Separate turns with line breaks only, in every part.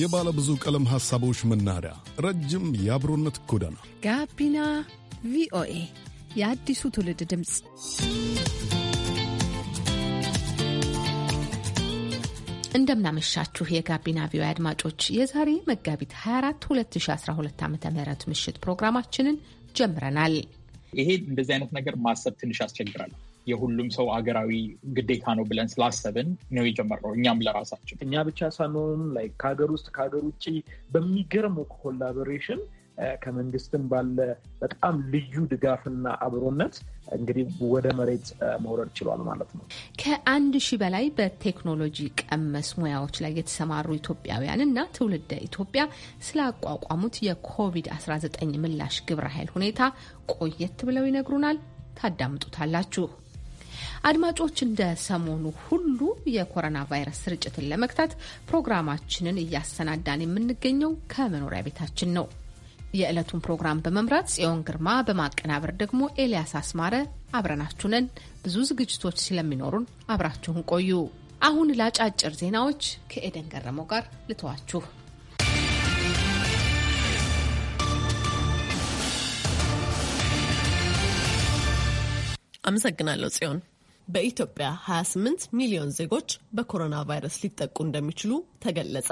የባለ ብዙ ቀለም ሐሳቦች መናኸሪያ፣ ረጅም የአብሮነት ጎዳና
ጋቢና ቪኦኤ የአዲሱ ትውልድ ድምፅ። እንደምናመሻችሁ የጋቢና ቪኦኤ አድማጮች፣ የዛሬ መጋቢት 24 2012 ዓ ም ምሽት ፕሮግራማችንን ጀምረናል።
ይሄ እንደዚህ አይነት ነገር ማሰብ ትንሽ አስቸግራል። የሁሉም ሰው አገራዊ ግዴታ ነው ብለን ስላሰብን ነው የጀመርነው። እኛም ለራሳችን
እኛ ብቻ ሳንሆን ላይ ከሀገር ውስጥ ከሀገር ውጭ በሚገርመው ኮላቦሬሽን ከመንግስትም ባለ በጣም ልዩ ድጋፍና አብሮነት እንግዲህ ወደ መሬት uh, መውረድ ችሏል ማለት ነው።
ከአንድ ሺህ በላይ በቴክኖሎጂ ቀመስ ሙያዎች ላይ የተሰማሩ እና ትውልደ ኢትዮጵያ ስላቋቋሙት የኮቪድ-19 ምላሽ ግብረ ኃይል ሁኔታ ቆየት ብለው ይነግሩናል። ታዳምጡታላችሁ። አድማጮች እንደ ሰሞኑ ሁሉ የኮሮና ቫይረስ ስርጭትን ለመግታት ፕሮግራማችንን እያሰናዳን የምንገኘው ከመኖሪያ ቤታችን ነው። የዕለቱን ፕሮግራም በመምራት ጽዮን ግርማ፣ በማቀናበር ደግሞ ኤልያስ አስማረ አብረናችሁ ነን። ብዙ ዝግጅቶች ስለሚኖሩን አብራችሁን ቆዩ። አሁን ለአጫጭር ዜናዎች ከኤደን ገረመው ጋር ልተዋችሁ።
አመሰግናለሁ ጽዮን። በኢትዮጵያ 28 ሚሊዮን ዜጎች በኮሮና ቫይረስ ሊጠቁ እንደሚችሉ ተገለጸ።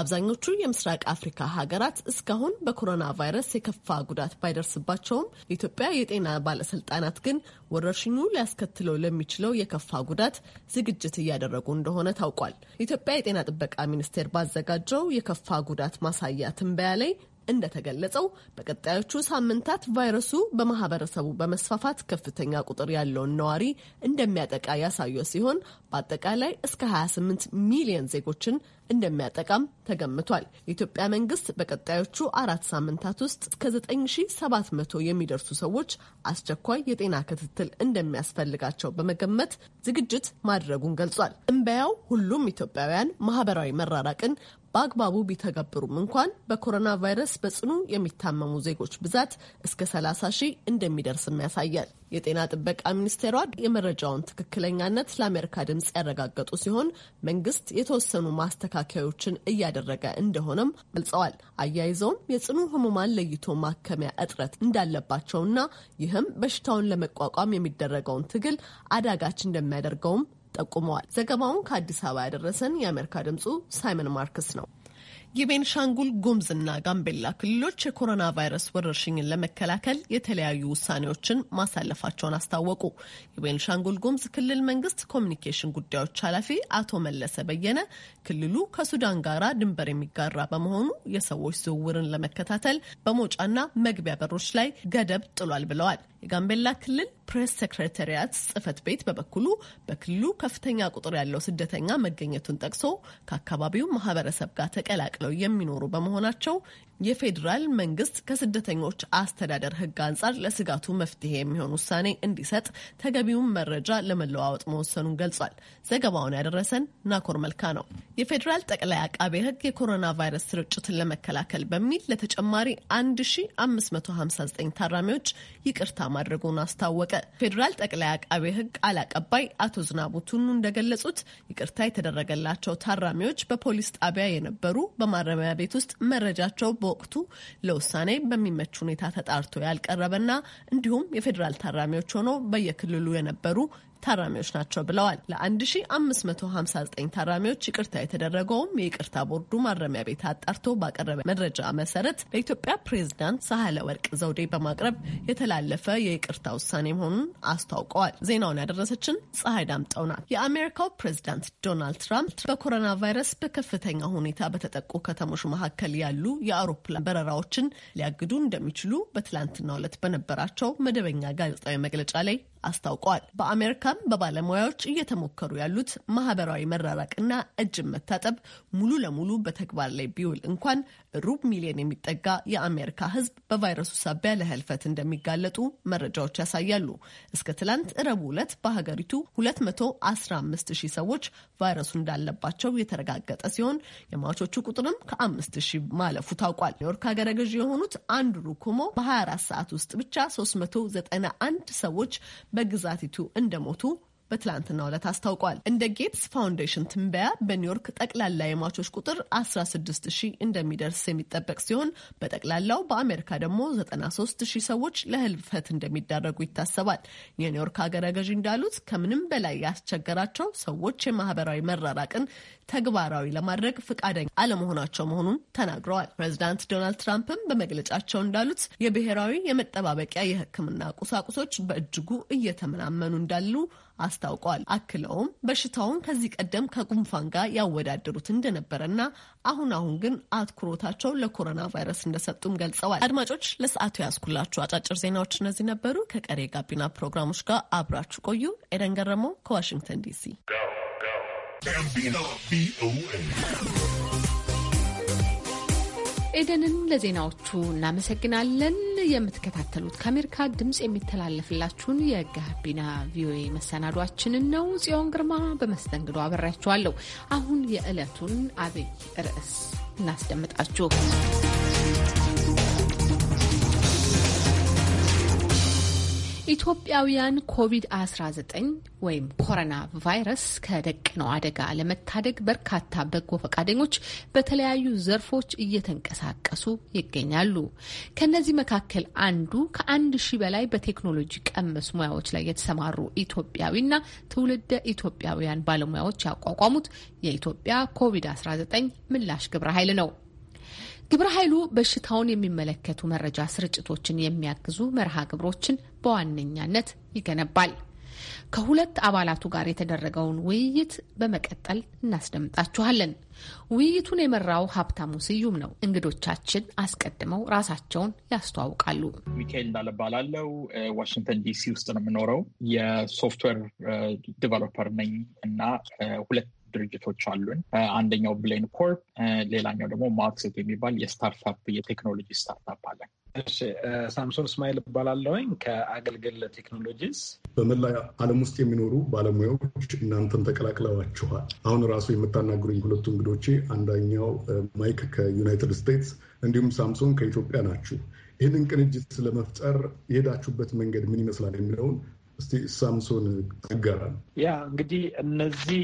አብዛኞቹ የምስራቅ አፍሪካ ሀገራት እስካሁን በኮሮና ቫይረስ የከፋ ጉዳት ባይደርስባቸውም የኢትዮጵያ የጤና ባለስልጣናት ግን ወረርሽኙ ሊያስከትለው ለሚችለው የከፋ ጉዳት ዝግጅት እያደረጉ እንደሆነ ታውቋል። ኢትዮጵያ የጤና ጥበቃ ሚኒስቴር ባዘጋጀው የከፋ ጉዳት ማሳያ ትንበያ ላይ እንደተገለጸው በቀጣዮቹ ሳምንታት ቫይረሱ በማህበረሰቡ በመስፋፋት ከፍተኛ ቁጥር ያለውን ነዋሪ እንደሚያጠቃ ያሳየ ሲሆን በአጠቃላይ እስከ 28 ሚሊዮን ዜጎችን እንደሚያጠቃም ተገምቷል። የኢትዮጵያ መንግስት በቀጣዮቹ አራት ሳምንታት ውስጥ እስከ 9700 የሚደርሱ ሰዎች አስቸኳይ የጤና ክትትል እንደሚያስፈልጋቸው በመገመት ዝግጅት ማድረጉን ገልጿል። እምበያው ሁሉም ኢትዮጵያውያን ማህበራዊ መራራቅን በአግባቡ ቢተገብሩም እንኳን በኮሮና ቫይረስ በጽኑ የሚታመሙ ዜጎች ብዛት እስከ 30 ሺህ እንደሚደርስም ያሳያል። የጤና ጥበቃ ሚኒስቴሯ የመረጃውን ትክክለኛነት ለአሜሪካ ድምፅ ያረጋገጡ ሲሆን መንግስት የተወሰኑ ማስተካከያዎችን እያደረገ እንደሆነም ገልጸዋል። አያይዘውም የጽኑ ህሙማን ለይቶ ማከሚያ እጥረት እንዳለባቸውና ይህም በሽታውን ለመቋቋም የሚደረገውን ትግል አዳጋች እንደሚያደርገውም ጠቁመዋል። ዘገባውን ከአዲስ አበባ ያደረሰን የአሜሪካ ድምፁ ሳይመን ማርክስ ነው። የቤንሻንጉል ጉሙዝና ጋምቤላ ክልሎች የኮሮና ቫይረስ ወረርሽኝን ለመከላከል የተለያዩ ውሳኔዎችን ማሳለፋቸውን አስታወቁ። የቤንሻንጉል ጉምዝ ክልል መንግስት ኮሚኒኬሽን ጉዳዮች ኃላፊ አቶ መለሰ በየነ ክልሉ ከሱዳን ጋራ ድንበር የሚጋራ በመሆኑ የሰዎች ዝውውርን ለመከታተል በመውጫና መግቢያ በሮች ላይ ገደብ ጥሏል ብለዋል። የጋምቤላ ክልል ፕሬስ ሴክሬታሪያት ጽህፈት ቤት በበኩሉ በክልሉ ከፍተኛ ቁጥር ያለው ስደተኛ መገኘቱን ጠቅሶ ከአካባቢው ማህበረሰብ ጋር ተቀላቅለው የሚኖሩ በመሆናቸው የፌዴራል መንግስት ከስደተኞች አስተዳደር ህግ አንጻር ለስጋቱ መፍትሄ የሚሆን ውሳኔ እንዲሰጥ ተገቢውን መረጃ ለመለዋወጥ መወሰኑን ገልጿል። ዘገባውን ያደረሰን ናኮር መልካ ነው። የፌዴራል ጠቅላይ አቃቤ ህግ የኮሮና ቫይረስ ስርጭትን ለመከላከል በሚል ለተጨማሪ 1559 ታራሚዎች ይቅርታ ማድረጉን አስታወቀ። ፌዴራል ጠቅላይ አቃቤ ህግ ቃል አቀባይ አቶ ዝናቡ ቱኑ እንደገለጹት ይቅርታ የተደረገላቸው ታራሚዎች በፖሊስ ጣቢያ የነበሩ፣ በማረሚያ ቤት ውስጥ መረጃቸው በወቅቱ ለውሳኔ በሚመች ሁኔታ ተጣርቶ ያልቀረበና እንዲሁም የፌዴራል ታራሚዎች ሆኖ በየክልሉ የነበሩ ታራሚዎች ናቸው ብለዋል። ለ1559 ታራሚዎች ይቅርታ የተደረገውም የይቅርታ ቦርዱ ማረሚያ ቤት አጣርቶ ባቀረበ መረጃ መሰረት ለኢትዮጵያ ፕሬዝዳንት ሳህለ ወርቅ ዘውዴ በማቅረብ የተላለፈ የይቅርታ ውሳኔ መሆኑን አስታውቀዋል። ዜናውን ያደረሰችን ፀሐይ ዳምጠው ናት። የአሜሪካው ፕሬዝዳንት ዶናልድ ትራምፕ በኮሮና ቫይረስ በከፍተኛ ሁኔታ በተጠቁ ከተሞች መካከል ያሉ የአውሮፕላን በረራዎችን ሊያግዱ እንደሚችሉ በትላንትናው ዕለት በነበራቸው መደበኛ ጋዜጣዊ መግለጫ ላይ አስታውቋል። በአሜሪካም በባለሙያዎች እየተሞከሩ ያሉት ማህበራዊ መራራቅና እጅን መታጠብ ሙሉ ለሙሉ በተግባር ላይ ቢውል እንኳን ሩብ ሚሊዮን የሚጠጋ የአሜሪካ ህዝብ በቫይረሱ ሳቢያ ለህልፈት እንደሚጋለጡ መረጃዎች ያሳያሉ። እስከ ትላንት እረቡ ዕለት በሀገሪቱ 215 ሺህ ሰዎች ቫይረሱ እንዳለባቸው የተረጋገጠ ሲሆን የሟቾቹ ቁጥርም ከ5 ሺህ ማለፉ ታውቋል። ኒውዮርክ ሀገረ ገዢ የሆኑት አንድሩ ኩሞ በ24 ሰዓት ውስጥ ብቻ 391 ሰዎች በግዛቲቱ እንደሞቱ በትላንትና ዕለት አስታውቋል። እንደ ጌትስ ፋውንዴሽን ትንበያ በኒውዮርክ ጠቅላላ የሟቾች ቁጥር 16 ሺህ እንደሚደርስ የሚጠበቅ ሲሆን በጠቅላላው በአሜሪካ ደግሞ 93 ሺህ ሰዎች ለህልፈት እንደሚዳረጉ ይታሰባል። የኒውዮርክ ሀገረ ገዢ እንዳሉት ከምንም በላይ ያስቸገራቸው ሰዎች የማህበራዊ መራራቅን ተግባራዊ ለማድረግ ፈቃደኛ አለመሆናቸው መሆኑን ተናግረዋል። ፕሬዚዳንት ዶናልድ ትራምፕም በመግለጫቸው እንዳሉት የብሔራዊ የመጠባበቂያ የሕክምና ቁሳቁሶች በእጅጉ እየተመናመኑ እንዳሉ አስታውቋል። አክለውም በሽታውን ከዚህ ቀደም ከጉንፋን ጋር ያወዳደሩት እንደነበረና አሁን አሁን ግን አትኩሮታቸው ለኮሮና ቫይረስ እንደሰጡም ገልጸዋል። አድማጮች፣ ለሰዓቱ ያስኩላችሁ አጫጭር ዜናዎች እነዚህ ነበሩ። ከቀሬ የጋቢና ፕሮግራሞች ጋር አብራችሁ ቆዩ። ኤደን ገረመው ከዋሽንግተን ዲሲ
ጋቢና ቪኦኤ።
ኤደንን ለዜናዎቹ እናመሰግናለን። የምትከታተሉት ከአሜሪካ ድምፅ የሚተላለፍላችሁን የጋቢና ቪኦኤ መሰናዷችንን ነው። ጽዮን ግርማ በመስተንግዶ አበራችኋለሁ። አሁን የዕለቱን አብይ ርዕስ እናስደምጣችሁ። ኢትዮጵያውያን ኮቪድ-19 ወይም ኮሮና ቫይረስ ከደቀነው አደጋ ለመታደግ በርካታ በጎ ፈቃደኞች በተለያዩ ዘርፎች እየተንቀሳቀሱ ይገኛሉ። ከነዚህ መካከል አንዱ ከአንድ ሺህ በላይ በቴክኖሎጂ ቀመስ ሙያዎች ላይ የተሰማሩ ኢትዮጵያዊና ትውልደ ኢትዮጵያውያን ባለሙያዎች ያቋቋሙት የኢትዮጵያ ኮቪድ-19 ምላሽ ግብረ ኃይል ነው። ግብረ ኃይሉ በሽታውን የሚመለከቱ መረጃ ስርጭቶችን የሚያግዙ መርሃ ግብሮችን በዋነኛነት ይገነባል። ከሁለት አባላቱ ጋር የተደረገውን ውይይት በመቀጠል እናስደምጣችኋለን። ውይይቱን የመራው ሀብታሙ ስዩም ነው። እንግዶቻችን አስቀድመው ራሳቸውን ያስተዋውቃሉ።
ሚካኤል እንዳለ ዋሽንግተን ዲሲ ውስጥ ነው የምኖረው። የሶፍትዌር ዲቨሎፐር ነኝ እና ሁለት ድርጅቶች አሉን። አንደኛው ብሌን ኮርፕ፣ ሌላኛው ደግሞ ማክሴት የሚባል የስታርታፕ የቴክኖሎጂ ስታርታፕ አለን። እሺ ሳምሶን እስማኤል እባላለሁኝ
ከአገልግል
ቴክኖሎጂስ። በመላ ዓለም ውስጥ የሚኖሩ ባለሙያዎች እናንተን ተቀላቅለዋችኋል። አሁን ራሱ የምታናግሩኝ ሁለቱ እንግዶቼ አንደኛው ማይክ ከዩናይትድ ስቴትስ እንዲሁም ሳምሶን ከኢትዮጵያ ናችሁ። ይህንን ቅንጅት ለመፍጠር የሄዳችሁበት መንገድ ምን ይመስላል የሚለውን እስቲ ሳምሶን አጋራል።
ያ እንግዲህ እነዚህ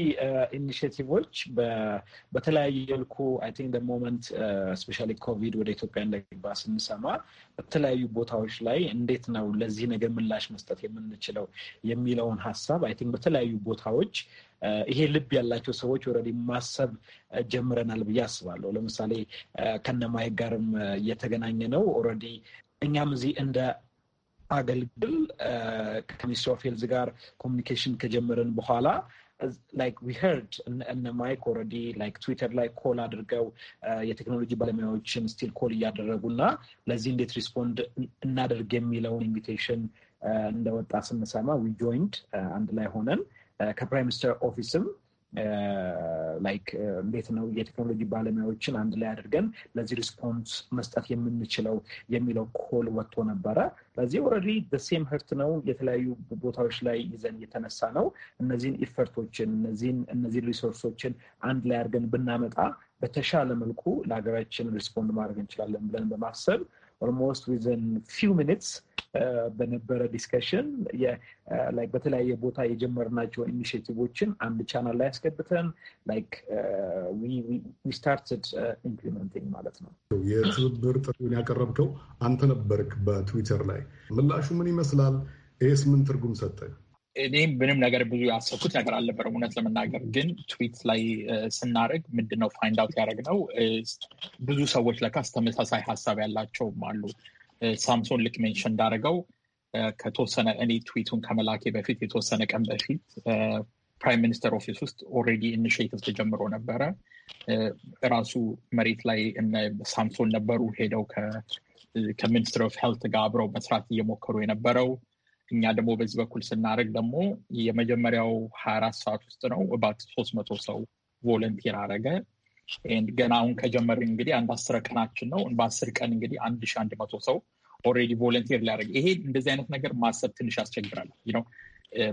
ኢኒሽቲቮች በተለያየ መልኩ አይ ቲንክ ሞመንት ስፔሻሊ ኮቪድ ወደ ኢትዮጵያ እንደገባ ስንሰማ በተለያዩ ቦታዎች ላይ እንዴት ነው ለዚህ ነገር ምላሽ መስጠት የምንችለው የሚለውን ሀሳብ አይ ቲንክ በተለያዩ ቦታዎች ይሄ ልብ ያላቸው ሰዎች ኦልሬዲ ማሰብ ጀምረናል ብዬ አስባለሁ። ለምሳሌ ከነማይ ጋርም እየተገናኘ ነው ኦልሬዲ እኛም እዚህ እንደ አገልግል ከሚኒስትሪ ኦፍ ሄልዝ ጋር ኮሚኒኬሽን ከጀመርን በኋላ ላይክ ዊ ሄርድ እነ ማይክ ኦልሬዲ ላይክ ትዊተር ላይ ኮል አድርገው የቴክኖሎጂ ባለሙያዎችን ስቲል ኮል እያደረጉ እና ለዚህ እንዴት ሪስፖንድ እናደርግ የሚለውን ኢንቪቴሽን እንደወጣ ስንሰማ ዊ ጆይንድ አንድ ላይ ሆነን ከፕራይም ሚኒስተር ኦፊስም ላይክ እንዴት ነው የቴክኖሎጂ ባለሙያዎችን አንድ ላይ አድርገን ለዚህ ሪስፖንስ መስጠት የምንችለው የሚለው ኮል ወጥቶ ነበረ። ለዚህ ኦልሬዲ በሴም ህርት ነው የተለያዩ ቦታዎች ላይ ይዘን እየተነሳ ነው። እነዚህን ኢፈርቶችን እነዚህን እነዚህን ሪሶርሶችን አንድ ላይ አድርገን ብናመጣ በተሻለ መልኩ ለሀገራችን ሪስፖንድ ማድረግ እንችላለን ብለን በማሰብ ኦልሞስት ዊዝን ፊው ሚኒትስ በነበረ ዲስከሽን uh, በተለያየ ቦታ የጀመርናቸው ኢኒሽቲቮችን አንድ ቻናል ላይ ያስገብተን ላይክ ስታርትድ ኢምፕሊመንቲንግ ማለት ነው።
የትብብር ጥሪውን ያቀረብከው አንተ ነበርክ በትዊተር ላይ ምላሹ ምን ይመስላል? ይህስ ምን ትርጉም ሰጠህ?
እኔም ምንም ነገር ብዙ ያሰብኩት ነገር አልነበረም። እውነት ለመናገር ግን ትዊት ላይ ስናደርግ ምንድነው ፋይንድ አውት ያደረግነው ብዙ ሰዎች ለካስ ተመሳሳይ ሀሳብ ያላቸውም አሉ። ሳምሶን ልክ ሜንሽን እንዳደረገው ከተወሰነ እኔ ትዊቱን ከመላኬ በፊት የተወሰነ ቀን በፊት ፕራይም ሚኒስተር ኦፊስ ውስጥ ኦልሬዲ ኢኒሽቲቭ ተጀምሮ ነበረ። ራሱ መሬት ላይ ሳምሶን ነበሩ ሄደው ከሚኒስትር ኦፍ ሄልት ጋር አብረው መስራት እየሞከሩ የነበረው እኛ ደግሞ በዚህ በኩል ስናደርግ ደግሞ የመጀመሪያው ሀያ አራት ሰዓት ውስጥ ነው ባት ሶስት መቶ ሰው ቮለንቲር አረገ። ገና አሁን ከጀመርን እንግዲህ አንድ አስረ ቀናችን ነው። በአስር ቀን እንግዲህ አንድ ሺ አንድ መቶ ሰው ኦልሬዲ ቮለንቲር ሊያደርግ ይሄ እንደዚህ አይነት ነገር ማሰብ ትንሽ ያስቸግራል።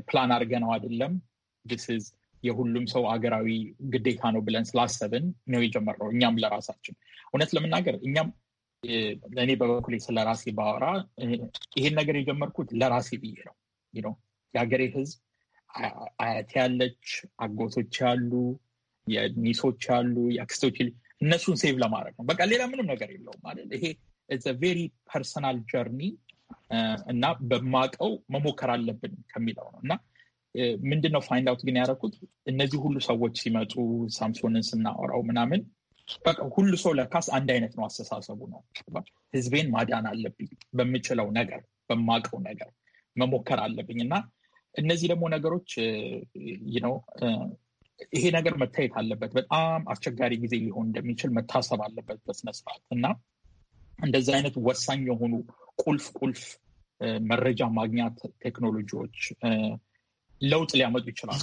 ፕላን uh, አድርገነው አይደለም ስ የሁሉም ሰው አገራዊ ግዴታ ነው ብለን ስላሰብን ነው የጀመርነው። እኛም ለራሳችን እውነት ለመናገር እኛም ለእኔ በበኩሌ ስለ ራሴ ባወራ ይሄን ነገር የጀመርኩት ለራሴ ብዬ ነው። የሀገሬ ህዝብ አያቴ ያለች፣ አጎቶች ያሉ፣ የሚሶች ያሉ፣ የአክስቶች እነሱን ሴቭ ለማድረግ ነው። በቃ ሌላ ምንም ነገር የለውም ማለት ይሄ ቬሪ ፐርሰናል ጀርኒ እና በማቀው መሞከር አለብን ከሚለው ነው እና ምንድን ነው ፋይንድ አውት ግን ያደረኩት እነዚህ ሁሉ ሰዎች ሲመጡ ሳምሶንን ስናወራው ምናምን በቃ ሁሉ ሰው ለካስ አንድ አይነት ነው አስተሳሰቡ ነው። ህዝቤን ማዳን አለብኝ በምችለው ነገር በማውቀው ነገር መሞከር አለብኝ እና እነዚህ ደግሞ ነገሮች ነው ይሄ ነገር መታየት አለበት። በጣም አስቸጋሪ ጊዜ ሊሆን እንደሚችል መታሰብ አለበት በስነስርዓት እና እንደዚህ አይነት ወሳኝ የሆኑ ቁልፍ ቁልፍ መረጃ ማግኛ ቴክኖሎጂዎች ለውጥ ሊያመጡ ይችላሉ።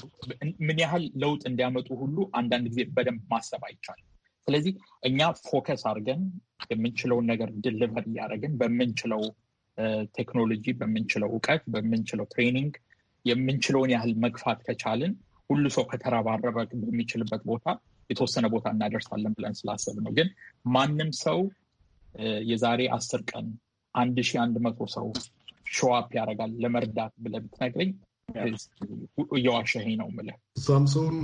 ምን ያህል ለውጥ እንዲያመጡ ሁሉ አንዳንድ ጊዜ በደንብ ማሰብ አይቻልም። ስለዚህ እኛ ፎከስ አድርገን የምንችለውን ነገር ድልቨር እያደረግን በምንችለው ቴክኖሎጂ፣ በምንችለው እውቀት፣ በምንችለው ትሬኒንግ የምንችለውን ያህል መግፋት ከቻልን ሁሉ ሰው ከተረባረበ በሚችልበት ቦታ የተወሰነ ቦታ እናደርሳለን ብለን ስላሰብ ነው። ግን ማንም ሰው የዛሬ አስር ቀን አንድ ሺህ አንድ መቶ ሰው ሾዋፕ ያደርጋል ለመርዳት ብለህ ብትነግረኝ እየዋሸኸኝ ነው የምልህ።
ሳምሶን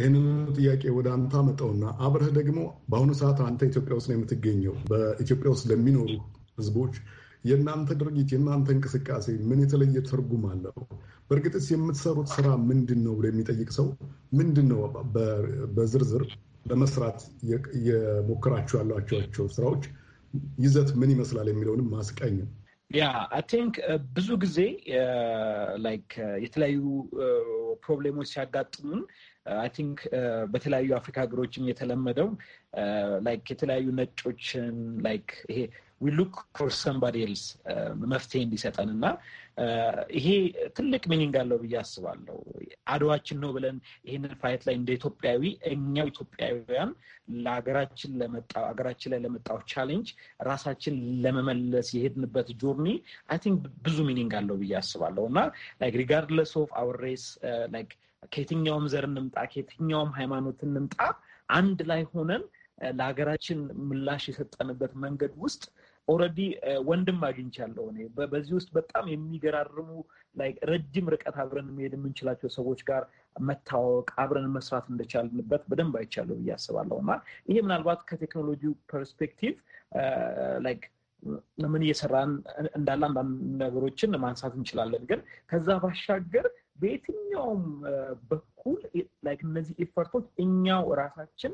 ይህንን ጥያቄ ወደ አንተ አመጣውና አብረህ ደግሞ በአሁኑ ሰዓት አንተ ኢትዮጵያ ውስጥ ነው የምትገኘው። በኢትዮጵያ ውስጥ ለሚኖሩ ህዝቦች የእናንተ ድርጊት የእናንተ እንቅስቃሴ ምን የተለየ ትርጉም አለው? በእርግጥስ የምትሰሩት ስራ ምንድን ነው ብሎ የሚጠይቅ ሰው ምንድን ነው በዝርዝር ለመስራት የሞከራችሁ ያሏቸቸው ስራዎች ይዘት ምን ይመስላል የሚለውንም ማስቀኝ ያ አይ ቲንክ
ብዙ ጊዜ ላይክ የተለያዩ ፕሮብሌሞች ሲያጋጥሙን አይ ቲንክ uh, በተለያዩ አፍሪካ ሀገሮችም የተለመደው ላይክ uh, የተለያዩ ነጮችን ላይክ ይሄ ዊ ሉክ ፎር ሰምባዲ ኤልስ መፍትሄ እንዲሰጠን እና uh, ይሄ ትልቅ ሚኒንግ አለው ብዬ አስባለሁ። አድዋችን ነው ብለን ይህንን ፋይት ላይ እንደ ኢትዮጵያዊ እኛው ኢትዮጵያውያን ለሀገራችን ለመጣ ሀገራችን ላይ ለመጣው ቻሌንጅ ራሳችን ለመመለስ የሄድንበት ጆርኒ አይ ቲንክ ብዙ ሚኒንግ አለው ብዬ አስባለሁ እና ላይክ ሪጋርድለስ ኦፍ አወር ሬስ ላይክ ከየትኛውም ዘር እንምጣ፣ ከየትኛውም ሃይማኖት እንምጣ አንድ ላይ ሆነን uh, ለሀገራችን ምላሽ የሰጠንበት መንገድ ውስጥ ኦልሬዲ ወንድም አግኝቻለሁ እኔ በዚህ ውስጥ በጣም የሚገራርሙ ረጅም ርቀት አብረን መሄድ የምንችላቸው ሰዎች ጋር መታወቅ አብረን መስራት እንደቻልንበት በደንብ አይቻለሁ ብዬ አስባለሁ። እና ይሄ ምናልባት ከቴክኖሎጂ ፐርስፔክቲቭ ምን እየሰራን እንዳለ አንዳንድ ነገሮችን ማንሳት እንችላለን። ግን ከዛ ባሻገር በየትኛውም በኩል እነዚህ ኤፈርቶች እኛው ራሳችን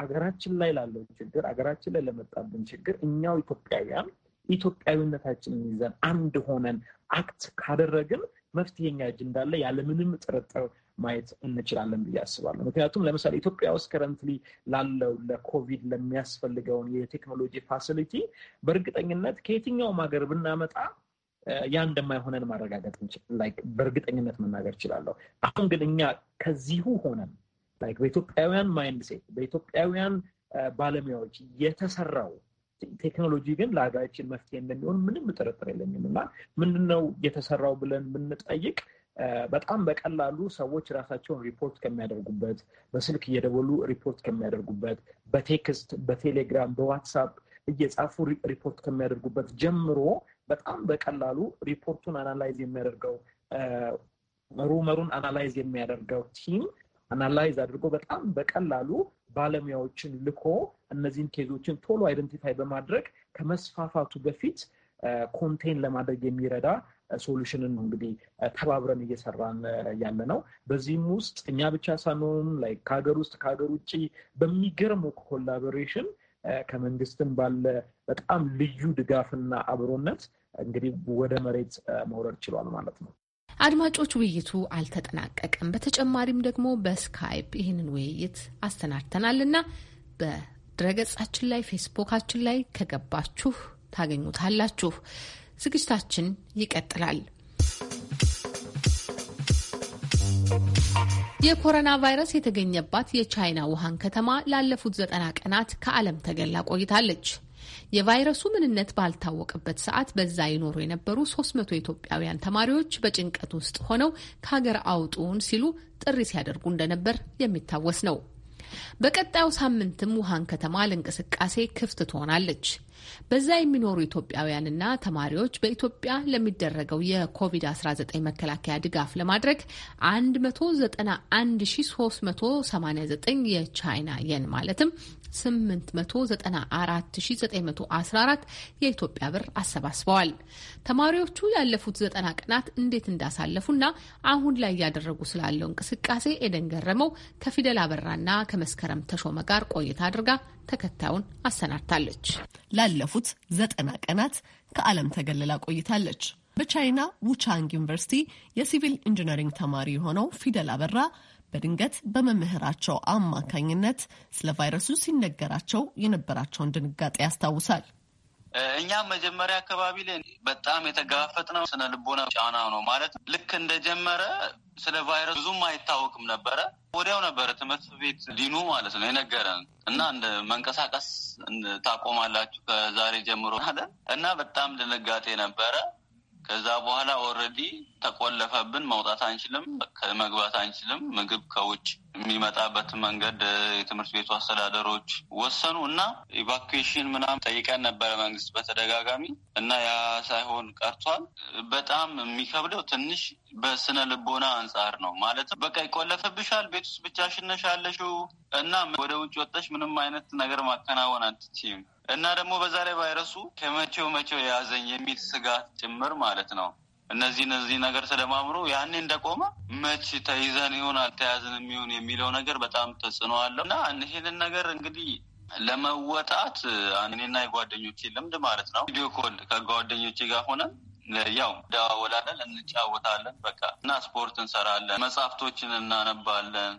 አገራችን ላይ ላለው ችግር አገራችን ላይ ለመጣብን ችግር እኛው ኢትዮጵያውያን ኢትዮጵያዊነታችንን ይዘን አንድ ሆነን አክት ካደረግን መፍትሄ እኛ እጅ እንዳለ ያለምንም ጥርጥር ማየት እንችላለን ብዬ አስባለሁ። ምክንያቱም ለምሳሌ ኢትዮጵያ ውስጥ ከረንትሊ ላለው ለኮቪድ ለሚያስፈልገውን የቴክኖሎጂ ፋሲሊቲ በእርግጠኝነት ከየትኛውም ሀገር ብናመጣ ያ እንደማይሆነን ማረጋገጥ በእርግጠኝነት መናገር እችላለሁ። አሁን ግን እኛ ከዚሁ ሆነን በኢትዮጵያውያን ማይንድ ሴት በኢትዮጵያውያን ባለሙያዎች የተሰራው ቴክኖሎጂ ግን ለሀገራችን መፍትሄ እንደሚሆን ምንም ጥርጥር የለኝም እና ምንድነው የተሰራው ብለን ብንጠይቅ uh, በጣም በቀላሉ ሰዎች ራሳቸውን ሪፖርት ከሚያደርጉበት፣ በስልክ እየደወሉ ሪፖርት ከሚያደርጉበት፣ በቴክስት፣ በቴሌግራም፣ በዋትሳፕ እየጻፉ ሪፖርት ከሚያደርጉበት ጀምሮ በጣም በቀላሉ ሪፖርቱን አናላይዝ የሚያደርገው uh, ሩመሩን አናላይዝ የሚያደርገው ቲም አናላይዝ አድርጎ በጣም በቀላሉ ባለሙያዎችን ልኮ እነዚህን ኬዞችን ቶሎ አይደንቲፋይ በማድረግ ከመስፋፋቱ በፊት ኮንቴን ለማድረግ የሚረዳ ሶሉሽንን ነው እንግዲህ ተባብረን እየሰራን ያለ ነው። በዚህም ውስጥ እኛ ብቻ ሳንሆን ላይ ከሀገር ውስጥ ከሀገር ውጭ በሚገርመው ኮላቦሬሽን ከመንግስትም ባለ በጣም ልዩ ድጋፍና አብሮነት እንግዲህ ወደ መሬት መውረድ ችሏል ማለት ነው።
አድማጮች ውይይቱ አልተጠናቀቀም። በተጨማሪም ደግሞ በስካይፕ ይህንን ውይይት አሰናድተናልና በድረገጻችን ላይ ፌስቡካችን ላይ ከገባችሁ ታገኙታላችሁ። ዝግጅታችን ይቀጥላል። የኮሮና ቫይረስ የተገኘባት የቻይና ውሃን ከተማ ላለፉት ዘጠና ቀናት ከዓለም ተገላ ቆይታለች። የቫይረሱ ምንነት ባልታወቀበት ሰዓት በዛ ይኖሩ የነበሩ 300 ኢትዮጵያውያን ተማሪዎች በጭንቀት ውስጥ ሆነው ከሀገር አውጡን ሲሉ ጥሪ ሲያደርጉ እንደነበር የሚታወስ ነው። በቀጣዩ ሳምንትም ውሃን ከተማ ለእንቅስቃሴ ክፍት ትሆናለች። በዛ የሚኖሩ ኢትዮጵያውያንና ተማሪዎች በኢትዮጵያ ለሚደረገው የኮቪድ-19 መከላከያ ድጋፍ ለማድረግ 191389 የቻይና የን ማለትም 894914 የኢትዮጵያ ብር አሰባስበዋል። ተማሪዎቹ ያለፉት ዘጠና ቀናት እንዴት እንዳሳለፉና አሁን ላይ እያደረጉ ስላለው እንቅስቃሴ ኤደን ገረመው ከፊደል አበራና ከመስከረም ተሾመ ጋር ቆይታ አድርጋ ተከታዩን
አሰናድታለች። ላለፉት ዘጠና ቀናት ከዓለም ተገልላ ቆይታለች። በቻይና ውቻንግ ዩኒቨርሲቲ የሲቪል ኢንጂነሪንግ ተማሪ የሆነው ፊደል አበራ በድንገት በመምህራቸው አማካኝነት ስለ ቫይረሱ ሲነገራቸው የነበራቸውን ድንጋጤ ያስታውሳል።
እኛም መጀመሪያ አካባቢ ላይ በጣም የተጋፈጥነው ስነ ልቦና ጫና ነው። ማለት ልክ እንደጀመረ ስለ ቫይረስ ብዙም አይታወቅም ነበረ። ወዲያው ነበረ ትምህርት ቤት ሊኑ ማለት ነው የነገረን እና እንደ መንቀሳቀስ ታቆማላችሁ ከዛሬ ጀምሮ አለን እና በጣም ድንጋጤ ነበረ። ከዛ በኋላ ኦልሬዲ ተቆለፈብን። መውጣት አንችልም፣ መግባት አንችልም። ምግብ ከውጭ የሚመጣበት መንገድ የትምህርት ቤቱ አስተዳደሮች ወሰኑ እና ኢቫኩዌሽን ምናምን ጠይቀን ነበረ መንግስት በተደጋጋሚ እና ያ ሳይሆን ቀርቷል። በጣም የሚከብደው ትንሽ በስነ ልቦና አንጻር ነው። ማለትም በቃ ይቆለፍብሻል፣ ቤት ውስጥ ብቻሽን ነሽ ያለሽው እና ወደ ውጭ ወጥተሽ ምንም አይነት ነገር ማከናወን አትችይም። እና ደግሞ በዛ ላይ ቫይረሱ ከመቼው መቼው የያዘኝ የሚል ስጋት ጭምር ማለት ነው። እነዚህ እነዚህ ነገር ተደማምሮ ያኔ እንደቆመ መች ተይዘን ይሆን አልተያዝን የሚሆን የሚለው ነገር በጣም ተጽዕኖ አለው እና ይሄንን ነገር እንግዲህ ለመወጣት እኔና የጓደኞቼ ልምድ ማለት ነው ቪዲዮ ኮል ከጓደኞቼ ጋር ሆነን ያው ደዋወላለን፣ እንጫወታለን በቃ እና ስፖርት እንሰራለን፣ መጽሐፍቶችን እናነባለን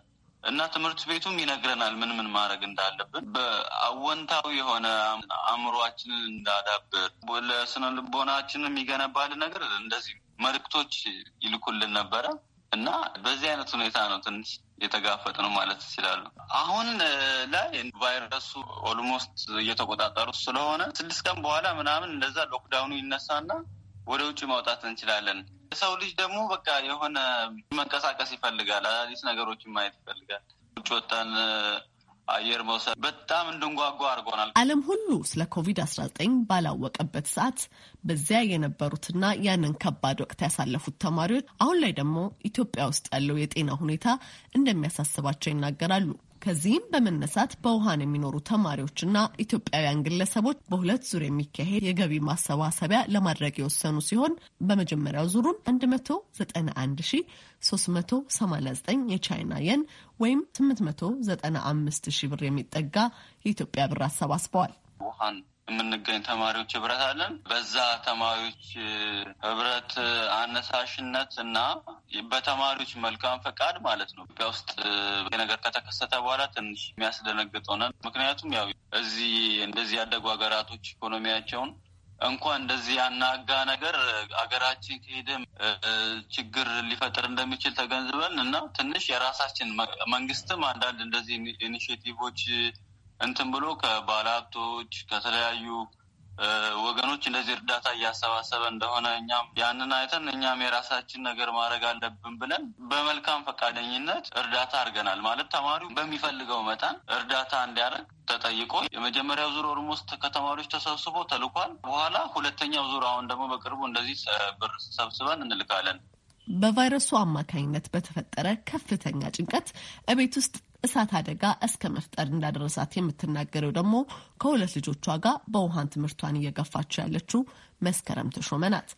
እና ትምህርት ቤቱም ይነግረናል ምን ምን ማድረግ እንዳለብን። በአወንታዊ የሆነ አእምሯችንን እንዳዳብር ለስነ ልቦናችን የሚገነባልን ነገር እንደዚህ መልእክቶች ይልኩልን ነበረ እና በዚህ አይነት ሁኔታ ነው ትንሽ የተጋፈጥ ነው ማለት ይችላሉ። አሁን ላይ ቫይረሱ ኦልሞስት እየተቆጣጠሩ ስለሆነ ስድስት ቀን በኋላ ምናምን እንደዛ ሎክዳውኑ ይነሳና ወደ ውጭ ማውጣት እንችላለን። የሰው ልጅ ደግሞ በቃ የሆነ መንቀሳቀስ ይፈልጋል። አዳዲስ ነገሮችን ማየት ይፈልጋል። ውጭ ወጣን አየር መውሰድ በጣም እንድንጓጓ አድርጎናል።
ዓለም ሁሉ ስለ ኮቪድ አስራ ዘጠኝ ባላወቀበት ሰዓት በዚያ የነበሩትና ያንን ከባድ ወቅት ያሳለፉት ተማሪዎች አሁን ላይ ደግሞ ኢትዮጵያ ውስጥ ያለው የጤና ሁኔታ እንደሚያሳስባቸው ይናገራሉ። ከዚህም በመነሳት በውሃን የሚኖሩ ተማሪዎችና ኢትዮጵያውያን ግለሰቦች በሁለት ዙር የሚካሄድ የገቢ ማሰባሰቢያ ለማድረግ የወሰኑ ሲሆን በመጀመሪያው ዙሩን 191389 የቻይና የን ወይም 895 ብር የሚጠጋ የኢትዮጵያ ብር አሰባስበዋል።
ውሃን የምንገኝ ተማሪዎች ህብረት አለን። በዛ ተማሪዎች ህብረት አነሳሽነት እና በተማሪዎች መልካም ፈቃድ ማለት ነው ኢትዮጵያ ውስጥ ነገር ከተከሰተ በኋላ ትንሽ የሚያስደነግጥ ሆነ። ምክንያቱም ያው እዚህ እንደዚህ ያደጉ ሀገራቶች ኢኮኖሚያቸውን እንኳን እንደዚህ ያናጋ ነገር አገራችን ከሄደ ችግር ሊፈጥር እንደሚችል ተገንዝበን እና ትንሽ የራሳችን መንግስትም አንዳንድ እንደዚህ ኢኒሽቲቮች እንትን ብሎ ከባለሀብቶች ከተለያዩ ወገኖች እንደዚህ እርዳታ እያሰባሰበ እንደሆነ እኛም ያንን አይተን እኛም የራሳችን ነገር ማድረግ አለብን ብለን በመልካም ፈቃደኝነት እርዳታ አድርገናል። ማለት ተማሪው በሚፈልገው መጠን እርዳታ እንዲያደርግ ተጠይቆ የመጀመሪያው ዙር ኦልሞስት ከተማሪዎች ተሰብስቦ ተልኳል። በኋላ ሁለተኛው ዙር አሁን ደግሞ በቅርቡ እንደዚህ ብር ሰብስበን እንልካለን።
በቫይረሱ አማካኝነት በተፈጠረ ከፍተኛ ጭንቀት እቤት ውስጥ እሳት አደጋ እስከ መፍጠር እንዳደረሳት የምትናገረው ደግሞ ከሁለት ልጆቿ ጋር በውሃን ትምህርቷን እየገፋቸው ያለችው መስከረም ተሾመ ናት።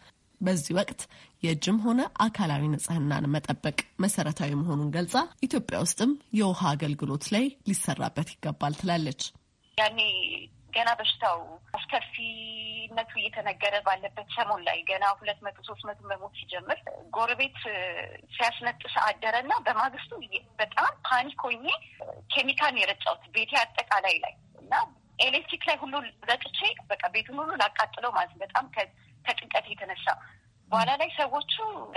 በዚህ ወቅት የእጅም ሆነ አካላዊ ንጽህናን መጠበቅ መሰረታዊ መሆኑን ገልጻ ኢትዮጵያ ውስጥም የውሃ አገልግሎት ላይ ሊሰራበት ይገባል ትላለች።
ያኔ ገና በሽታው አስከፊነቱ እየተነገረ ባለበት ሰሞን ላይ ገና ሁለት መቶ ሶስት መቶ መሞት ሲጀምር ጎረቤት ሲያስነጥስ አደረና በማግስቱ በጣም ፓኒክ ሆኜ ኬሚካል ነው የረጫሁት ቤቴ አጠቃላይ ላይ እና ኤሌክትሪክ ላይ ሁሉ ረጥቼ በቃ ቤቱን ሁሉ ላቃጥለው ማለት በጣም ከጭንቀት የተነሳ በኋላ ላይ ሰዎቹ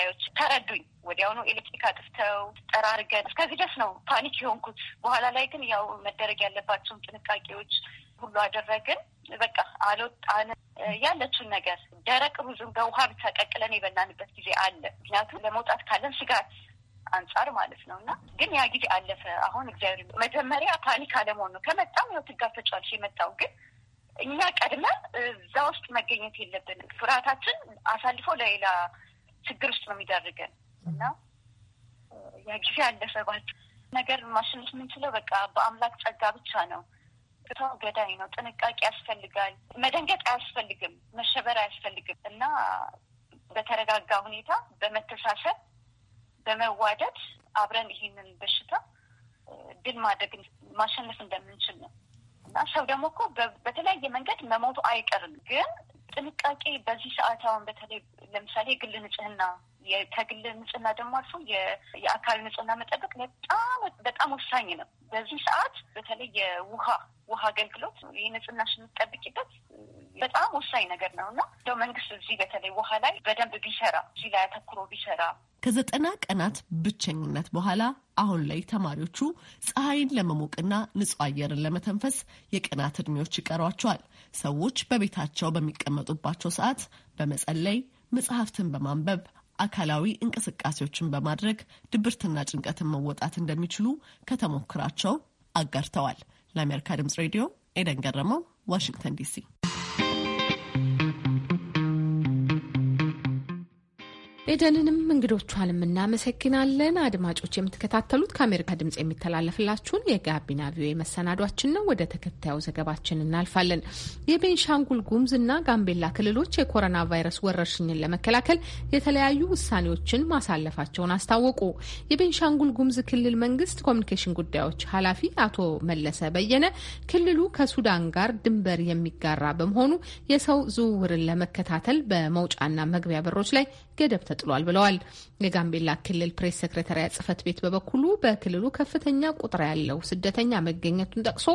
ዎች ተረዱኝ። ወዲያውኑ ኤሌክትሪክ አጥፍተው ጠራርገን እስከዚህ ድረስ ነው ፓኒክ የሆንኩት። በኋላ ላይ ግን ያው መደረግ ያለባቸውን ጥንቃቄዎች ሁሉ አደረግን። በቃ አልወጣን ያለችን ነገር ደረቅ ሩዝም በውሃ ብቻ ቀቅለን የበላንበት ጊዜ አለ። ምክንያቱም ለመውጣት ካለን ስጋት አንጻር ማለት ነው። እና ግን ያ ጊዜ አለፈ። አሁን እግዚአብሔር መጀመሪያ ፓኒክ አለመሆን ነው። ከመጣም ያው ትጋፈጫለሽ የመጣው ግን እኛ ቀድመ እዛ ውስጥ መገኘት የለብንም። ፍርሃታችን አሳልፎ ለሌላ ችግር ውስጥ ነው የሚደርገን እና ያ ጊዜ አለፈ። ባጭ ነገር ማሸነፍ የምንችለው በቃ በአምላክ ጸጋ ብቻ ነው። የሚያመለክተው ገዳይ ነው። ጥንቃቄ ያስፈልጋል። መደንገጥ አያስፈልግም። መሸበር አያስፈልግም እና በተረጋጋ ሁኔታ በመተሳሰብ በመዋደድ አብረን ይህንን በሽታ ድል ማድረግ ማሸነፍ እንደምንችል ነው እና ሰው ደግሞ እኮ በተለያየ መንገድ መሞቱ አይቀርም። ግን ጥንቃቄ በዚህ ሰዓት አሁን በተለይ ለምሳሌ የግል ንጽህና ከግል ንጽህና ደግሞ አልፎ የአካል ንጽህና መጠበቅ በጣም በጣም ወሳኝ ነው። በዚህ ሰዓት በተለይ የውሃ ውሃ አገልግሎት የንጽህናሽ የምትጠብቂበት በጣም ወሳኝ ነገር ነው እና እንደው መንግስት እዚህ በተለይ ውሃ ላይ በደንብ ቢሰራ እዚህ ላይ አተኩሮ ቢሰራ
ከዘጠና ቀናት ብቸኝነት በኋላ አሁን ላይ ተማሪዎቹ ፀሐይን ለመሞቅና ንጹህ አየርን ለመተንፈስ የቀናት እድሜዎች ይቀሯቸዋል። ሰዎች በቤታቸው በሚቀመጡባቸው ሰዓት በመጸለይ መጽሐፍትን በማንበብ አካላዊ እንቅስቃሴዎችን በማድረግ ድብርትና ጭንቀትን መወጣት እንደሚችሉ ከተሞክራቸው አጋርተዋል። ለአሜሪካ ድምጽ ሬዲዮ ኤደን ገረመው፣ ዋሽንግተን ዲሲ
ኤደንንም እንግዶቿንም እናመሰግናለን። አድማጮች የምትከታተሉት ከአሜሪካ ድምጽ የሚተላለፍላችሁን የጋቢና ቪዮ መሰናዷችን ነው። ወደ ተከታዩ ዘገባችን እናልፋለን። የቤንሻንጉል እና ጋምቤላ ክልሎች የኮሮና ቫይረስ ወረርሽኝን ለመከላከል የተለያዩ ውሳኔዎችን ማሳለፋቸውን አስታወቁ። የቤንሻንጉል ጉሙዝ ክልል መንግስት ኮሚኒኬሽን ጉዳዮች ኃላፊ አቶ መለሰ በየነ ክልሉ ከሱዳን ጋር ድንበር የሚጋራ በመሆኑ የሰው ዝውውርን ለመከታተል በመውጫና መግቢያ በሮች ላይ ገደብ ተጥሏል ብለዋል። የጋምቤላ ክልል ፕሬስ ሴክሬታሪያት ጽህፈት ቤት በበኩሉ በክልሉ ከፍተኛ ቁጥር ያለው ስደተኛ መገኘቱን ጠቅሶ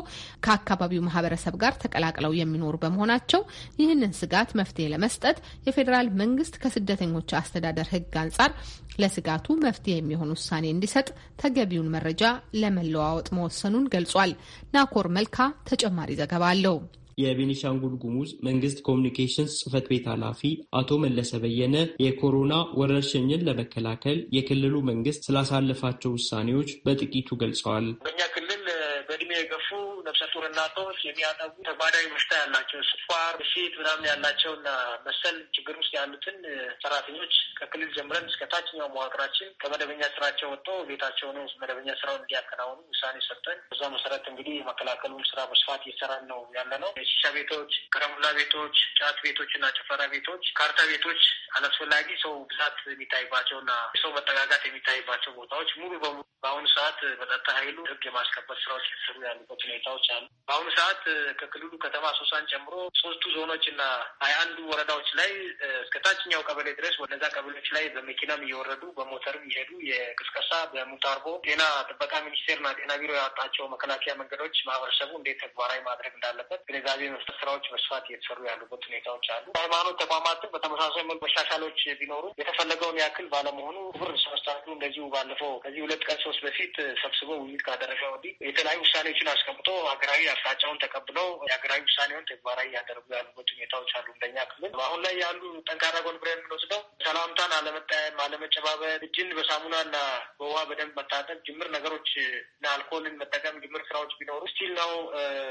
ከአካባቢው ማህበረሰብ ጋር ተቀላቅለው የሚኖሩ በመሆናቸው ይህንን ስጋት መፍትሄ ለመስጠት የፌዴራል መንግስት ከስደተኞች አስተዳደር ህግ አንጻር ለስጋቱ መፍትሄ የሚሆን ውሳኔ እንዲሰጥ ተገቢውን መረጃ ለመለዋወጥ መወሰኑን ገልጿል። ናኮር መልካ ተጨማሪ ዘገባ አለው።
የቤኒሻንጉል ጉሙዝ መንግስት ኮሚኒኬሽንስ ጽህፈት ቤት ኃላፊ አቶ መለሰ በየነ የኮሮና ወረርሽኝን ለመከላከል የክልሉ መንግስት ስላሳለፋቸው ውሳኔዎች በጥቂቱ ገልጸዋል። በእኛ ክልል በእድሜ የገፉ ነፍሰ ጡር እናቶች የሚያጠቡ ተጓዳኝ በሽታ ያላቸው ስኳር፣ ፊት ምናምን ያላቸው እና
መሰል ችግር ውስጥ ያሉትን ሰራተኞች ከክልል ጀምረን እስከ ታችኛው መዋቅራችን ከመደበኛ ስራቸው ወጥተው ቤታቸውን መደበኛ ስራውን እንዲያከናውኑ ውሳኔ ሰጠን። በዛ መሰረት እንግዲህ የመከላከሉን ስራ በስፋት እየሰራን ነው ያለ ነው። የሺሻ ቤቶች፣ ከረሙላ ቤቶች፣ ጫት ቤቶች እና ጭፈራ ቤቶች፣ ካርታ ቤቶች አላስፈላጊ ሰው ብዛት የሚታይባቸው እና የሰው መጠጋጋት የሚታይባቸው ቦታዎች ሙሉ በሙሉ በአሁኑ ሰዓት በጸጥታ ኃይሉ ህግ የማስከበር ስራዎች ስር ያሉበት ሁኔታዎች አሉ። በአሁኑ ሰዓት ከክልሉ ከተማ ሶሳን ጨምሮ ሶስቱ ዞኖች እና ሀያ አንዱ ወረዳዎች ላይ እስከ ታችኛው ቀበሌ ድረስ ወደዛ ቀበሌዎች ላይ በመኪናም እየወረዱ በሞተርም እየሄዱ የቅስቀሳ በሙታርቦ ጤና ጥበቃ ሚኒስቴርና ጤና ቢሮ ያወጣቸው መከላከያ መንገዶች ማህበረሰቡ እንዴት ተግባራዊ ማድረግ እንዳለበት ግንዛቤ መፍጠር ስራዎች በስፋት እየተሰሩ ያሉበት ሁኔታዎች አሉ። ሃይማኖት ተቋማትም በተመሳሳይ መልኩ መሻሻሎች ቢኖሩ የተፈለገውን ያክል ባለመሆኑ ብር ሰስታቱ እንደዚሁ ባለፈው ከዚህ ሁለት ቀን ሶስት በፊት ሰብስበው ውይይት ካደረገ ወዲህ የተለያዩ ውሳኔዎችን አስቀምጦ ሀገራዊ አቅጣጫውን ተቀብለው የሀገራዊ ውሳኔውን ተግባራዊ እያደረጉ ያሉበት ሁኔታዎች አሉ። እንደኛ ክልል አሁን ላይ ያሉ ጠንካራ ጎን ብለን የምንወስደው ሰላምታን አለመጠየም፣ አለመጨባበጥ፣ እጅን በሳሙናና በውሃ በደንብ መታጠብ ጅምር ነገሮች እና አልኮልን መጠቀም ጅምር ስራዎች ቢኖሩ ስቲል ነው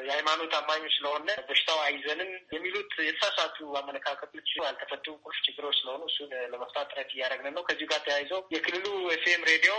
የሃይማኖት አማኞች ስለሆነ በሽታው አይዘንም የሚሉት የተሳሳቱ አመለካከቶች ያልተፈቱ ቁልፍ ችግሮች ስለሆኑ እሱን ለመፍታት ጥረት እያደረግን ነው። ከዚህ ጋር ተያይዘው የክልሉ ኤፍኤም ሬዲዮ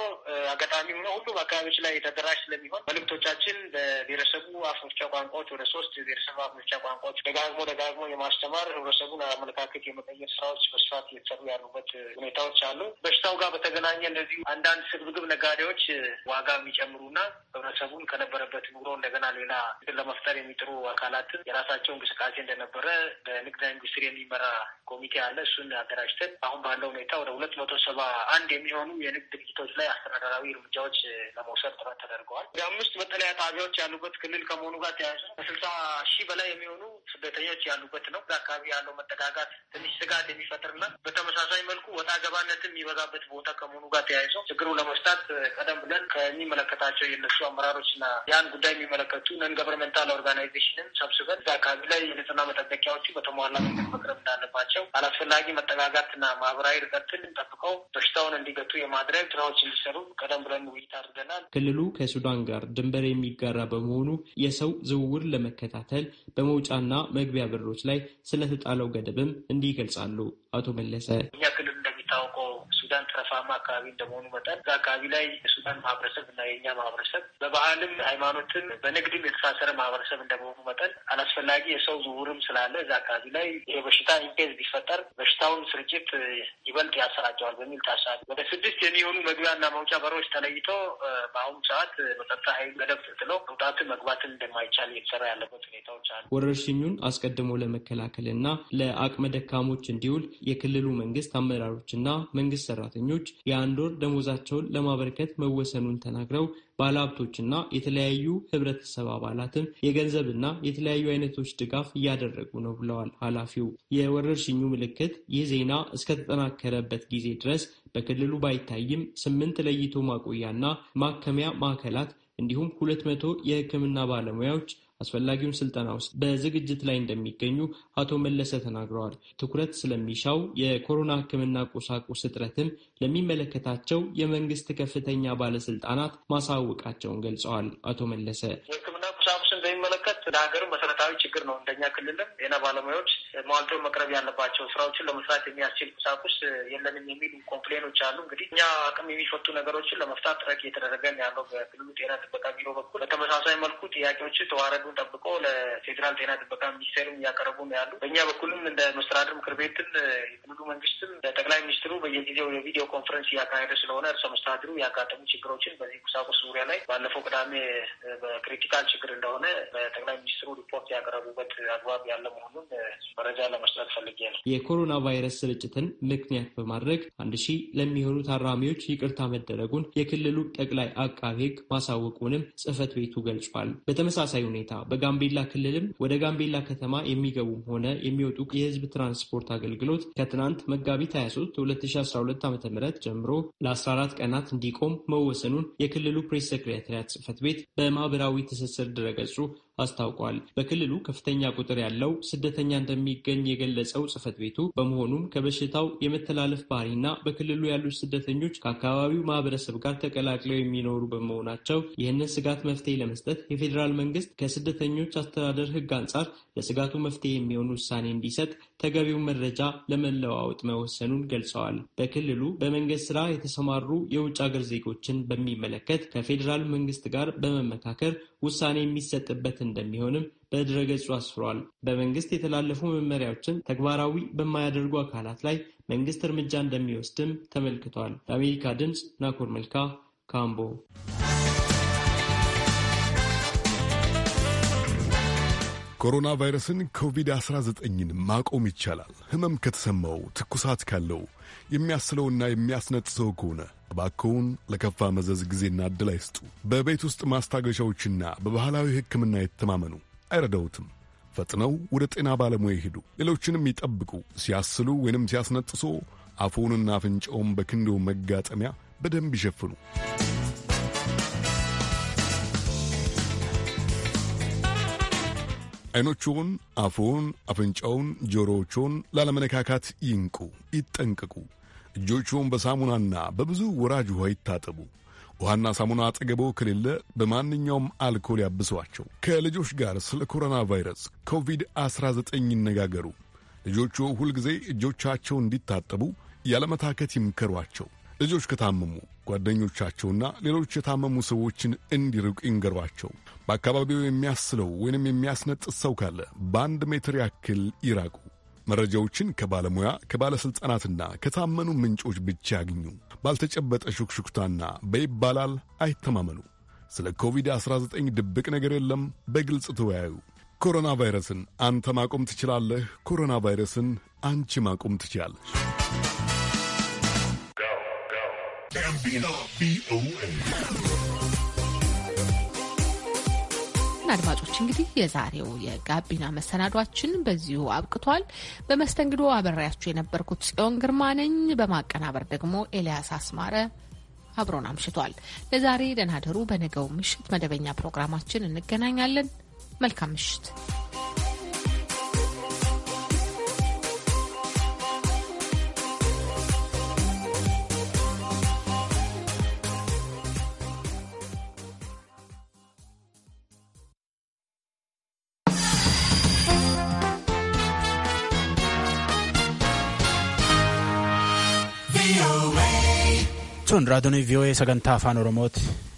አጋጣሚ ሆነ ሁሉም አካባቢዎች ላይ ተደራሽ ስለሚሆን መልእክቶቻችን በክልላችን በብሔረሰቡ አፍኖቻ ቋንቋዎች ወደ ሶስት ብሔረሰቡ አፍኖቻ ቋንቋዎች ደጋግሞ ደጋግሞ የማስተማር ህብረተሰቡን አመለካከት የመቀየር ስራዎች በስፋት እየተሰሩ ያሉበት ሁኔታዎች አሉ። በሽታው ጋር በተገናኘ እንደዚሁ አንዳንድ ስግብግብ ነጋዴዎች ዋጋ የሚጨምሩና ህብረተሰቡን ከነበረበት ኑሮ እንደገና ሌላ ለመፍጠር የሚጥሩ አካላት የራሳቸው እንቅስቃሴ እንደነበረ በንግድ ኢንዱስትሪ የሚመራ ኮሚቴ አለ። እሱን አደራጅተን አሁን ባለው ሁኔታ ወደ ሁለት መቶ ሰባ አንድ የሚሆኑ የንግድ ድርጅቶች ላይ አስተዳደራዊ እርምጃዎች ለመውሰድ ጥረት ተደርገዋል። ወደ መጠለያ ጣቢያዎች ያሉበት ክልል ከመሆኑ ጋር ተያይዞ ከስልሳ ሺህ በላይ የሚሆኑ ስደተኞች ያሉበት ነው። በአካባቢ ያለው መጠጋጋት ትንሽ ስጋት የሚፈጥርና በተመሳሳይ መልኩ ወጣ ገባነትም የሚበዛበት ቦታ ከመሆኑ ጋር ተያይዞ ችግሩ ለመፍታት ቀደም ብለን ከሚመለከታቸው የነሱ አመራሮችና ያን ጉዳይ የሚመለከቱ ነን ገቨርንመንታል ኦርጋናይዜሽንን ሰብስበን በአካባቢ ላይ የንጽህና መጠበቂያዎቹ በተሟላ መንገድ መቅረብ
እንዳለባቸው፣ አላስፈላጊ መጠጋጋትና ማህበራዊ ርቀትን ጠብቀው በሽታውን እንዲገቱ የማድረግ ስራዎች እንዲሰሩ ቀደም ብለን ውይይት አድርገናል። ክልሉ ከሱዳን ጋር ድንበር የሚ የሚጋራ በመሆኑ የሰው ዝውውር ለመከታተል በመውጫና መግቢያ በሮች ላይ ስለተጣለው ገደብም እንዲህ ይገልጻሉ አቶ መለሰ። እኛ ክልል
እንደሚታወቀው ሱዳን ጠረፋማ አካባቢ እንደመሆኑ መጠን እዛ አካባቢ ላይ የሱዳን ማህበረሰብ እና የእኛ ማህበረሰብ በባህልም ሃይማኖትም፣ በንግድም የተሳሰረ ማህበረሰብ እንደመሆኑ መጠን አላስፈላጊ የሰው ዝውውርም ስላለ እዛ አካባቢ ላይ ይሄ በሽታ ኢንፔዝ ቢፈጠር በሽታውን ስርጭት ይበልጥ ያሰራጨዋል በሚል ታሳቢ ወደ ስድስት የሚሆኑ መግቢያና መውጫ በሮች ተለይቶ በአሁኑ
ሰዓት በጸጥታ ኃይል ገደብ ተጥለው መውጣት መግባትን እንደማይቻል እየተሰራ ያለበት ሁኔታዎች አሉ። ወረርሽኙን አስቀድሞ ለመከላከልና ለአቅመ ደካሞች እንዲውል የክልሉ መንግስት አመራሮችና መንግስት ሰራተኞች የአንድ ወር ደሞዛቸውን ለማበረከት መወሰኑን ተናግረው ባለሀብቶችና የተለያዩ ህብረተሰብ አባላትም የገንዘብና የተለያዩ አይነቶች ድጋፍ እያደረጉ ነው ብለዋል ኃላፊው። የወረርሽኙ ምልክት ይህ ዜና እስከተጠናከረበት ጊዜ ድረስ በክልሉ ባይታይም ስምንት ለይቶ ማቆያና ማከሚያ ማዕከላት እንዲሁም ሁለት መቶ የህክምና ባለሙያዎች አስፈላጊውን ስልጠና ውስጥ በዝግጅት ላይ እንደሚገኙ አቶ መለሰ ተናግረዋል። ትኩረት ስለሚሻው የኮሮና ሕክምና ቁሳቁስ እጥረትም ለሚመለከታቸው የመንግስት ከፍተኛ ባለስልጣናት ማሳወቃቸውን ገልጸዋል። አቶ መለሰ
ሴቶችን በሚመለከት ለሀገርም መሰረታዊ ችግር ነው። እንደኛ ክልልም ጤና ባለሙያዎች ሟልቶ መቅረብ ያለባቸው ስራዎችን ለመስራት የሚያስችል ቁሳቁስ የለንም የሚል ኮምፕሌኖች አሉ። እንግዲህ እኛ አቅም የሚፈቱ ነገሮችን ለመፍታት ጥረት እየተደረገ ያለው በክልሉ ጤና ጥበቃ ቢሮ በኩል። በተመሳሳይ መልኩ ጥያቄዎች ተዋረዱን ጠብቆ ለፌዴራል ጤና ጥበቃ ሚኒስቴርም እያቀረቡ ነው ያሉ። በእኛ በኩልም እንደ መስተዳድር ምክር ቤትን የክልሉ መንግስትም ለጠቅላይ ሚኒስትሩ በየጊዜው የቪዲዮ ኮንፈረንስ እያካሄደ ስለሆነ እርሰ መስተዳድሩ ያጋጠሙ ችግሮችን በዚህ ቁሳቁስ ዙሪያ ላይ ባለፈው ቅዳሜ በክሪቲካል ችግር እንደሆነ እንደሆነ በጠቅላይ ሚኒስትሩ ሪፖርት ያቀረቡበት አግባብ ያለ መሆኑን መረጃ
ለመስጠት ፈልጌ ነው። የኮሮና ቫይረስ ስርጭትን ምክንያት በማድረግ አንድ ሺህ ለሚሆኑ ታራሚዎች ይቅርታ መደረጉን የክልሉ ጠቅላይ አቃቤ ሕግ ማሳወቁንም ጽህፈት ቤቱ ገልጿል። በተመሳሳይ ሁኔታ በጋምቤላ ክልልም ወደ ጋምቤላ ከተማ የሚገቡም ሆነ የሚወጡ የህዝብ ትራንስፖርት አገልግሎት ከትናንት መጋቢት 23 2012 ዓ ም ጀምሮ ለ14 ቀናት እንዲቆም መወሰኑን የክልሉ ፕሬስ ሴክሬታሪያት ጽህፈት ቤት በማህበራዊ ትስስር ድረገጹ show አስታውቋል። በክልሉ ከፍተኛ ቁጥር ያለው ስደተኛ እንደሚገኝ የገለጸው ጽህፈት ቤቱ በመሆኑም ከበሽታው የመተላለፍ ባህሪና በክልሉ ያሉ ስደተኞች ከአካባቢው ማህበረሰብ ጋር ተቀላቅለው የሚኖሩ በመሆናቸው ይህንን ስጋት መፍትሄ ለመስጠት የፌዴራል መንግስት ከስደተኞች አስተዳደር ህግ አንጻር ለስጋቱ መፍትሄ የሚሆን ውሳኔ እንዲሰጥ ተገቢውን መረጃ ለመለዋወጥ መወሰኑን ገልጸዋል። በክልሉ በመንገድ ስራ የተሰማሩ የውጭ ሀገር ዜጎችን በሚመለከት ከፌዴራል መንግስት ጋር በመመካከር ውሳኔ የሚሰጥበት እንደሚሆንም በድረገጹ አስፍሯል። በመንግስት የተላለፉ መመሪያዎችን ተግባራዊ በማያደርጉ አካላት ላይ መንግስት እርምጃ እንደሚወስድም ተመልክቷል። ለአሜሪካ ድምፅ ናኮር መልካ ካምቦ።
ኮሮና ቫይረስን ኮቪድ-19ን ማቆም ይቻላል። ህመም ከተሰማው፣ ትኩሳት ካለው፣ የሚያስለውና የሚያስነጥሰው ከሆነ እባክዎን ለከፋ መዘዝ ጊዜና ዕድል አይስጡ። በቤት ውስጥ ማስታገሻዎችና በባህላዊ ሕክምና የተማመኑ አይረዳውትም። ፈጥነው ወደ ጤና ባለሙያ ይሄዱ። ሌሎችንም ይጠብቁ። ሲያስሉ ወይንም ሲያስነጥሶ አፉንና አፍንጫውን በክንዶ መጋጠሚያ በደንብ ይሸፍኑ። አይኖቹን፣ አፉን፣ አፍንጫውን፣ ጆሮዎቹን ላለመነካካት ይንቁ፣ ይጠንቅቁ። እጆቹን በሳሙናና በብዙ ወራጅ ውሃ ይታጠቡ። ውሃና ሳሙና አጠገበው ከሌለ በማንኛውም አልኮል ያብሰዋቸው። ከልጆች ጋር ስለ ኮሮና ቫይረስ ኮቪድ-19 ይነጋገሩ። ልጆቹ ሁልጊዜ እጆቻቸው እንዲታጠቡ ያለመታከት ይምከሯቸው። ልጆች ከታመሙ ጓደኞቻቸውና ሌሎች የታመሙ ሰዎችን እንዲርቁ ይንገሯቸው። በአካባቢው የሚያስለው ወይንም የሚያስነጥስ ሰው ካለ በአንድ ሜትር ያክል ይራቁ። መረጃዎችን ከባለሙያ ከባለሥልጣናትና ከታመኑ ምንጮች ብቻ ያግኙ። ባልተጨበጠ ሹክሹክታና በይባላል አይተማመኑ። ስለ ኮቪድ-19 ድብቅ ነገር የለም፣ በግልጽ ተወያዩ። ኮሮና ቫይረስን አንተ ማቆም ትችላለህ። ኮሮና ቫይረስን አንቺ ማቆም ትችላለች።
ቪኦኤ
አድማጮች እንግዲህ የዛሬው የጋቢና መሰናዷችን በዚሁ አብቅቷል። በመስተንግዶ አበራያችሁ የነበርኩት ጽዮን ግርማ ነኝ። በማቀናበር ደግሞ ኤልያስ አስማረ አብሮን አምሽቷል። ለዛሬ ደህና ደሩ። በነገው ምሽት መደበኛ ፕሮግራማችን እንገናኛለን። መልካም ምሽት።
sun raadiyoon vii'oo sagantaa afaan oromooti.